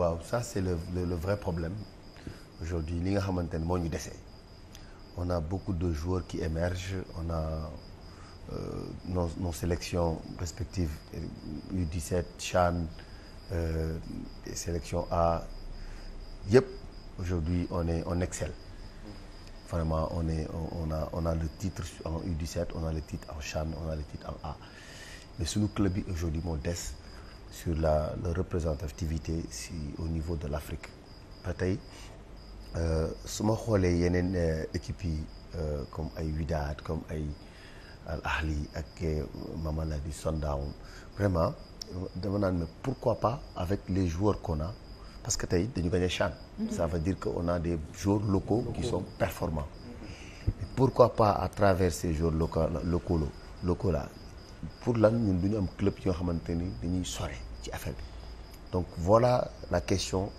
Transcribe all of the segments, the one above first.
waaw ça c'est le, le le vrai problème aujourd'hui li nga xamante ne moo ñu dese on a beaucoup de joueurs qui émergent on a euh, nos nos sélections respectives U17 euh, euh, sélection A yëpp aujourd'hui on est on excelle vraiment on est on, on a on a le titre en u on a le titre en CHAN on a le titre en A mais suñu club yi aujourd'hui moo des sur la la représentativité si au niveau de l'Afrique ba tey euh, su ma xoolee yeneen euh, équipes yi euh, comme ay Wydad comme ay Al Ahli ak Mamelodi Sundowns vraiment dama naan mais pourquoi pas avec les joueurs qu'on a parce que tey dañu gagné CHAN mhm. ça veut dire que on a des joueurs locaux qui sont performants mais pourquoi pas à travers ces joueurs locaux locaux locaux là pour lan ñun du ñu am club yi nga xamante ni dañuy sore ci affaire donc voilà la question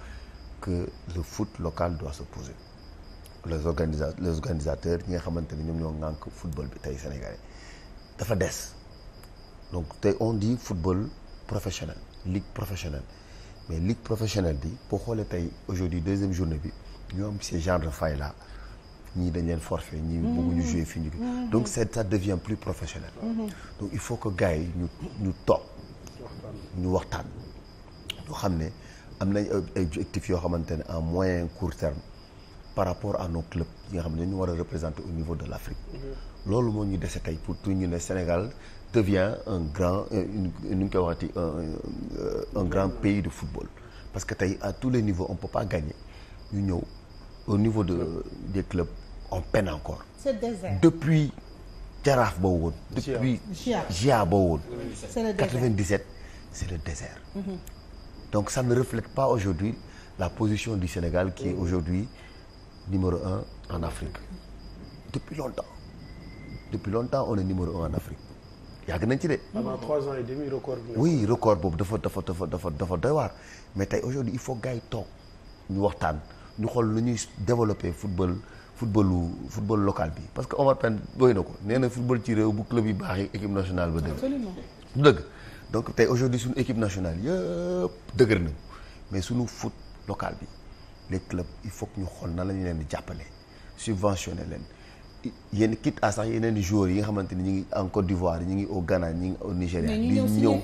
que le foot local doit se poser les organisa les organisateurs ñi nga xamante ni ñoom ñoo ŋànk football bi tey Sénégalais dafa des donc tey on dit football professionnel ligue professionnel mais ligue professionnelle bi boo xoolee tey aujourd'hui deuxième journée bi ñoo am ces genre de faille ñii dañ leen forfait ñii mm-hmm. bëgguñu jouer fii ñu mm-hmm. donc c'est ça devient plus professionnel mm-hmm. donc il faut que gars yi ñu ñu toog ñu waxtaan ñu xam ne am nañ ay objectifs yoo xamante ne en moyen court terme par rapport a nos clubs yi nga xam ne ñu war a représenter au niveau de l'Afrique loolu moo ñu dese tey pour tout ñu ne Sénégal devient un grand nu ñu koy waxati un grand pays de football parce que tey à tous les niveau on peut pas ñu ñëw au niveau de des clubs on peine encore. c'est désert depuis jaraaf ba woon. depuis GIA ba woon. c'est le désert 97 c'est le désert. Mm donc ça ne reflète pas aujourd'hui la position du Sénégal qui est aujourd'hui numéro un en Afrique depuis longtemps depuis longtemps on est numéro un en Afrique yàgg nañ ci de. avant record boobu dafa dafa dafa dafa dafa doy waar mais tey aujourd'hui il faut gars yi toog ñu waxtaan. ñu xool lu ñuy développer football footballu football local bi parce que Omar Pène doy na ko nee na football ci réew bu club yi baax yi équipe nationale ba dëgg donc tey aujourd'hui suñu équipe nationale yëpp dëgër na mais suñu foot local bi les clubs il faut ñu xool nan la ñu leen di jàppale subventionné leen yenn kit à sax yeneen joueurs yi nga xamante ni ñu ngi en Côte d'Ivoire ñu ngi au Ghana ñu ngi au Nigéria di ñëw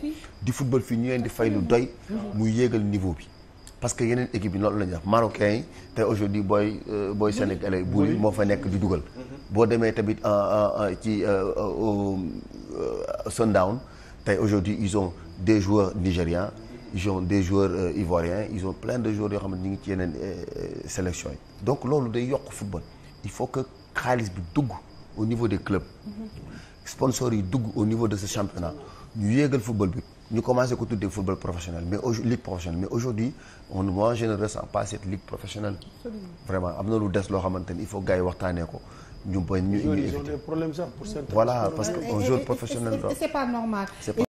di football fii ñu leen di fay lu doy muy yéegal niveau bi parce que yeneen équipe yi noonu la ñuy def marocain yi tey aujourd'hui booy euh, booy sénégalais bu moo fa nekk di dugal mhm. boo demee tamit ci euh, euh, sundown tey aujourd'hui ils ont des joueurs nigérians ils ont des joueurs ivoiriens ils ont plein de joueurs yoo xam ne ñu ngi ci yeneen sélection yi donc loolu day yokk football il faut que xaalis bi dugg au niveau des clubs mhm. sponsors yi dugg au niveau de ce championnat ñu yéegal football bi ñu commencé ko tuddee football professionnel mais au ligue professionnelle mais aujourd'hui on moi je ne ressens pas cette ligue vraiment am na lu des loo xamante ni il faut gars yi waxtaanee ko ñu bañ ñu. ñu éviter voilà parce que euh, un joueur professionnel. c'est pas normal.